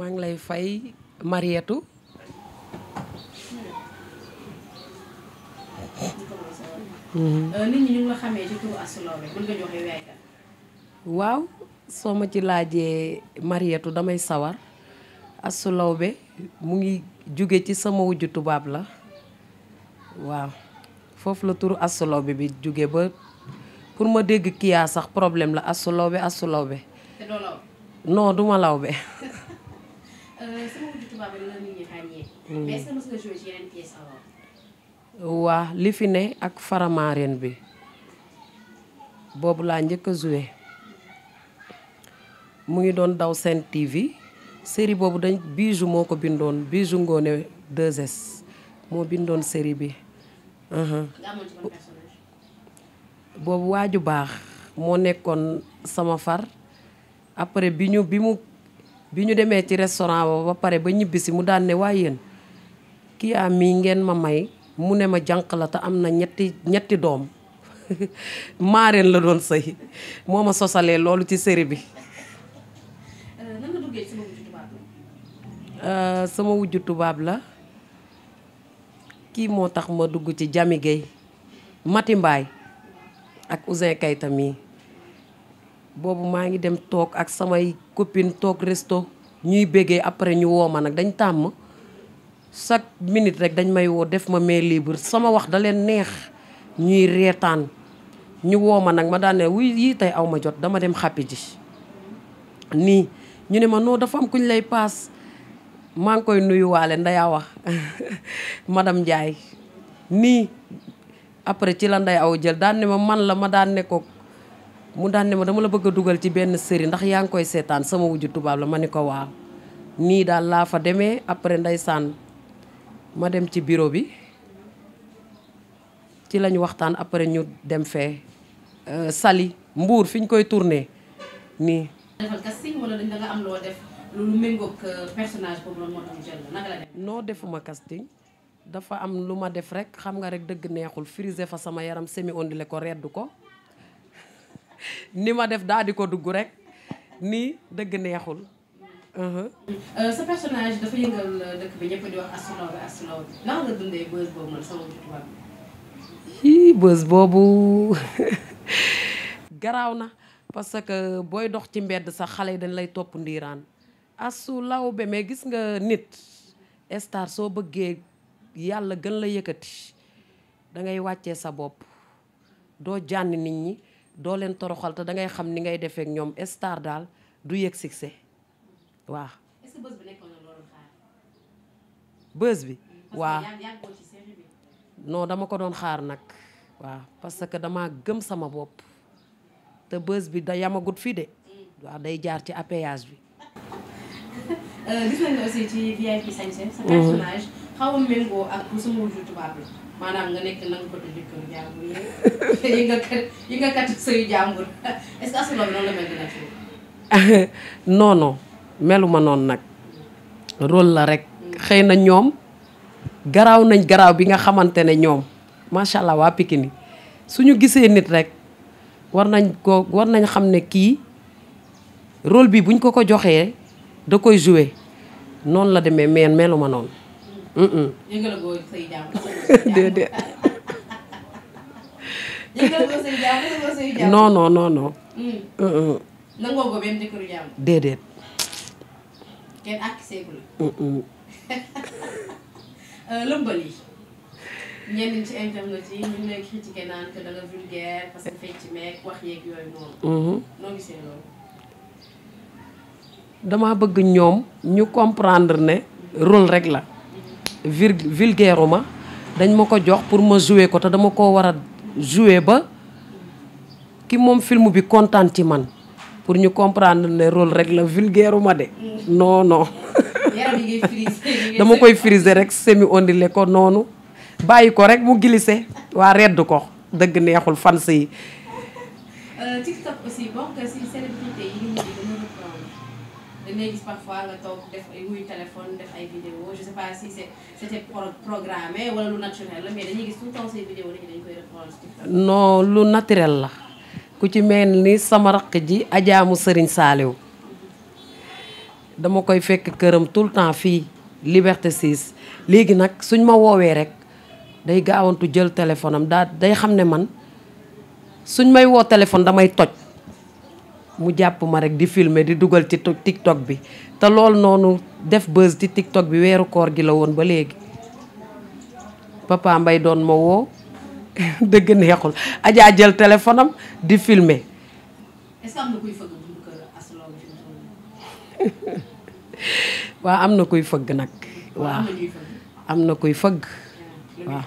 Mang lay fay Marietou euh, nit ñi ñu nga xamee ci turu nga ci damay sawar asulobe. mu ngi jóge ci sama wujju tubab la waaw fofu la tour Astou bi jóge ba pour ma dégg kiya sax problème la asulobe asulobe non duma lawbe Mm. waa li fi ne ak faramaareen bi boobu laa njëkk a joué mu ngi doon daw seen TV série boobu dañ Bijou moo ko bindoon Bijou Ngoné 2 moo bindoon série bi. Uh-huh. boobu waaju baax moo nekkoon sama far après bi ñu bi mu. biñu démé ci restaurant ba ba pare ba ñibisi mu daal ne way yeen ki a mi ngeen ma may mu né ma jank la ta amna ñetti ñetti doom maaren la doon sey moma ma loolu ci série bi sama wujju tubab euh, la ki motax ma dugg ci Jami Mati ak ousain Kayta boobu maa ngi dem toog ak samay copine toog resto ñuy béggee après ñu woo ma nag dañ tàmm chaque minute rek dañ may woo def ma main libre sama wax daleen neex ñuy reetaan ñu woo ma nag ma daan ne wuy yii tey aw ma jot dama dem xàppi ji nii ñu ne ma noo dafa am kuñ lay paas maa ngi koy nuyuwaale ndeyaa wax madame Ndiaye nii après ci la nday aw jël daan ne ma man la ma daan ne mu daan ne ma dama la bëgg a dugal ci benn série ndax yaa ngi koy seetaan sama wujju tubaab la ma ne ko waaw nii daal laa fa demee après saan ma dem ci bureau bi ci lañu waxtaan après ñu dem fee euh, Saly Mbour fi ñu koy tourné nii. Euh, noo defuma casting dafa am lu ma def rek xam nga rek dëgg neexul frisé fa sama yaram semi ondulé ko redd ko. ni ma def daal di ko dugg rek nii dëgg neexul. Uh-huh. Euh, sa personnage dafa yëngal euh, dëkk bi ñëpp di wax asulaw bi bi lan nga dundee bës boobu man garaaw na parce que booy dox ci mbedd sax xale yi dañ lay topp ndiiraan asulaw be mais gis nga nit star soo bëggee yàlla gën la yëkkati da wàccee sa bopp doo jànni nit ñi. doo leen toroxal te da ngay xam ni ngay defeek ñoom star daal du yëg succès waaw. est bës bi waa na mm, dama ko doon xaar nag. waa parce que dama gëm sama bopp te bës bi da yamagut fii de. Mm. waaw day jaar ci appayage bi. Euh, xaw a méngoo ak bu noonu meluma noonu nag rôle la rek hmm. xëy na ñoom garaaw nañ garaaw bi nga xamante ne ñoom macha allah waa Pikine yi suñu gisee nit rek war nañ ko war nañ xam ne kii rôle bi buñ ko ko joxee da koy jouer noonu la demee meen meluma noonu yëngalagoo déedéet. yëngalagoo say mm. déedéet. kenn yi. Euh, ñenn ci internet ñu ngi lay critiquer naan que da vulgaire parce que fecc meeg wax yeeg yooyu noonu. Mm-hmm. noo bëgg ñoom ñu comprendre ne rôle rek la. vulgaire ma dañ ma ko jox pour ma jouer ko te dama ko war a ba ki moom film bi kontaan ci man pour ñu comprendre ne rôle rek la vulgaire ma de non non dama koy friser rek semi ondile ko noonu bàyyi ko rek mu gilise waa redd ko dëgg neexul fans yi euh, léegi parfois nga toog def ay wuy téléphone def ay vidéo je sais pas si c'est c'était programmé wala lu naturel la mais dañuy gis tout le temps say vidéo dañ koy reprendre. non lu naturel la ku ci mel ni sama raq ji ajaamu Serigne Saaliw dama koy fekk këram tout le temps fii Liberté 6 léegi nag suñ ma woowee rek day gaawantu jël téléphone am daa day xam ne man suñ may woo téléphone damay toj. mu japp ma rek di filmer di dugal ci tiktok bi talol lol nonu def buzz di tiktok bi wéru koor gi la won ba légui papa mbay don ma wo deug neexul aja jël téléphoneam di filmer. est-ce kui am na kuy fëgg waaw am na kuy fëgg nak wa am kuy fëgg. wa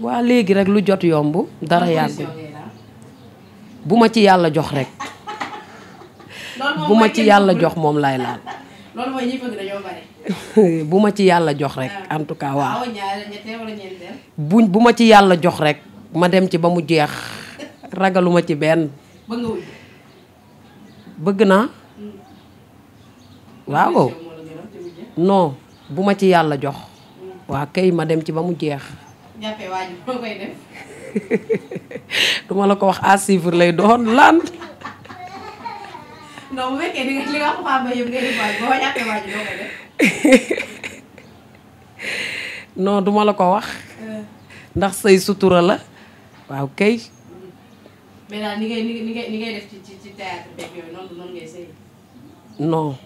wa légui rek lu jot yomb dara yaa bu ci yalla jox rek. bu ma ci yàlla jox moom laay laal. bu ma ci yàlla jox rek. Ah. en tout cas waaw bu ma ci yàlla jox rek ma dem ci ba mu jeex ragaluma ci benn. bëgg nga bëgg naa. Hmm. waaw non bu ma ci yàlla jox. Hmm. waa kay ma dem ci ba mu jeex. duma la ko wax à lay doon lan. No, kayak dengan link aku paham gitu. no gede buat banyak ya dong ya. non duma la kawah. ndax say sutura la waaw kay mais daal ni ngay ni ngay ni ngay def ci ci ci théâtre ngay non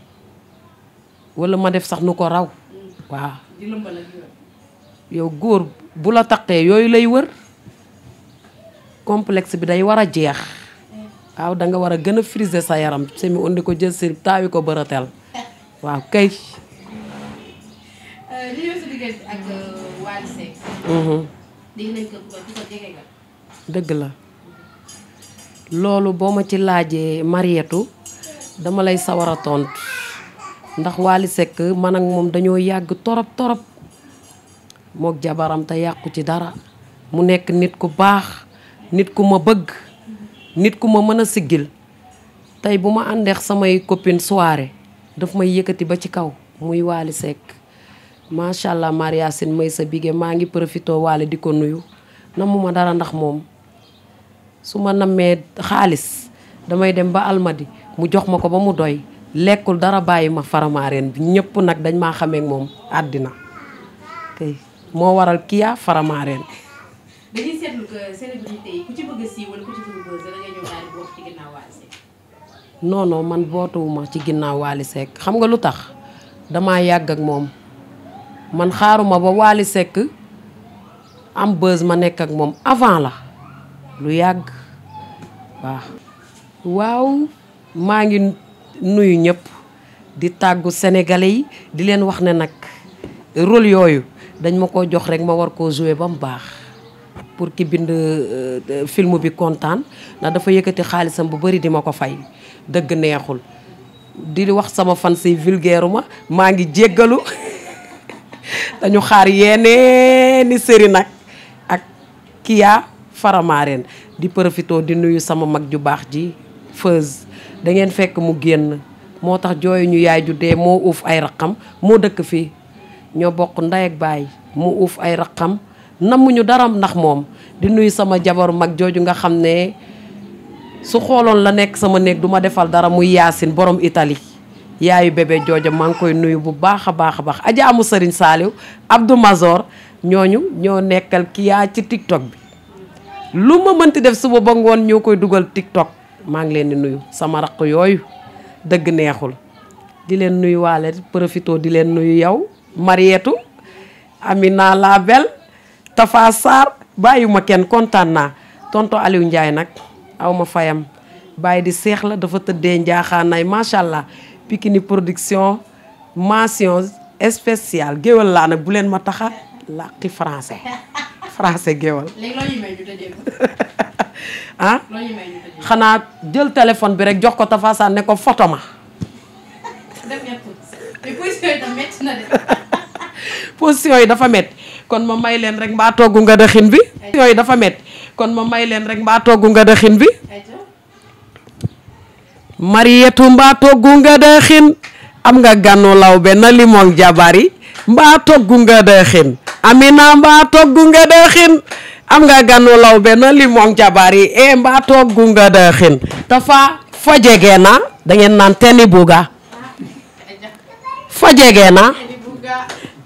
wala ma def sax nu ko raw hmm. waaw di lëmbal ak yow góor bu la taqee lay wër complexe bi day jeex aw ah, da nga wara gëna sayaram, semu friser sa yaram semi undi ko jël si tawi ko bërëteel waaw kay. Euh, li ñëw Di diggante ak hmm hmm di nañ ko ko ko jege ga deug la lolu boo ma ci laajee Marietu dama lay sawara tont ndax Wally Seck man ak mom dañoo yag torop torop mok jabaram ta yàqu ci dara mu nek nit ku bax nit ku ma bëgg. nit ku ma mën a siggil tey bu ma àndeex samay copine soirée dafa may yëkkati ba ci kaw muy Waly Seck macha allah Maria Sine may sa bige maa ngi profité Waly di ko nuyu namu ma dara ndax moom su ma nammee xaalis damay dem ba almadi mu jox ma ko ba mu doy lekkul dara bàyyi ma faramaareen bi ñëpp nag dañ maa xamee ak moom àddina kay moo waral kiya faramaareen noonoo man bootuwuma ci ginnaaw Wally xam nga lu tax damaa yàgg ak moom man xaaruma ba Wally Seck am buzz ma nekk ak moom avant la lu yàgg waaw. maa ngi nuyu ñépp di tàggu sénégalais yi di leen wax ne nag rôle yooyu dañ ma ko jox rek ma war koo jouer ba mu baax. pour ki bind euh, euh, film bi contane na dafa yëkëti xaalisam bu bari di ma ko fay deug neexul di wax sama fan si vulgaire ma maa ngi jéggalu dañu xaar ni série nak ak Kia faramaren. di profito di nuyu sama mag ju bax ji feuz da ngeen fekk mu genn motax joy ñu yaay ju dé mo uuf ay raxam mo dëkk fi ño bokk nday ak bay mu uuf ay raxam nammuñu daram nak mom di nuyu sama jabar mag joju nga xamne su xolon la nek sama nek duma defal dara muy yasin borom italy yaayu bebe jooja mang koy nuyu bu baakha baakha bax aja amu serigne saliw abdou mazor ñoñu ño nekkal ki ci tiktok bi lu ma mënti def suba ba ngon ñokoy duggal tiktok mang leen di nuyu sama raq yoyu deug neexul di leen nuyu walet profito di leen nuyu yow marietu amina la belle Tafa Sarr bàyyiwuma kenn kontaan naa tonton Aliou Ndiaye nag aw ma fayam bàyyi di seex dafa tëddee njaaxaanaay macha allah Pikini production mention spéciale géwal laa nag bu leen ma taxa làqi français français géwal ah? xanaa jël téléphone bi rek jox ko Tafa Sarr ne ko photo ma position yi dafa métti kon ma may leen rek mbaa togg nga daxin bi yooyu dafa metti kon ma may leen rek mbaa nga daxin bi marietu mbaa togg nga am nga gànnu lawbe na limoon jabari mbaa togg nga daxin amina mbaa togg nga daxin am nga gànnu lawbe na limoon jabari e mbaa togg nga daxin tafa fo jege na dangeen naan teni buga fo jege na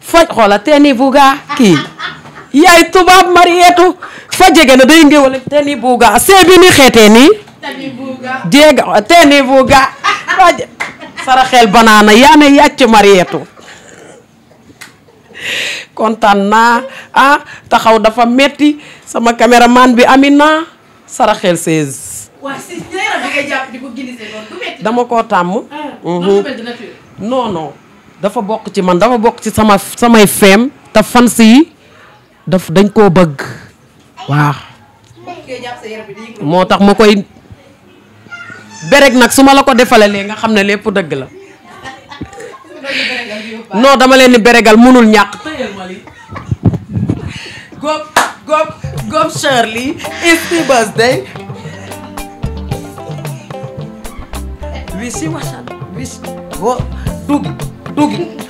faj xoola teeni buugaa kii yaay tubaab marietu fa jege na day ngéwale teeni buugaa seebi ni xeetee nii jeeg teeni buugaa saraxeel banaana yaa ne yàcc marietu kontaan naa ah taxaw dafa metti sama caméraman bi Amina saraxeel 16 dama koo tàmm non dafa bok ci man dafa bok ci sama samay fem ta fans yi daf dañ ko bëgg waaw motax mo koy berek nak suma la ko defalee nga xam lépp dëgg la non dama leen ni beregal mënul ñàkk gop gop gop shirley it's the Shirley happy birthday wisi wasan wis wo tugi took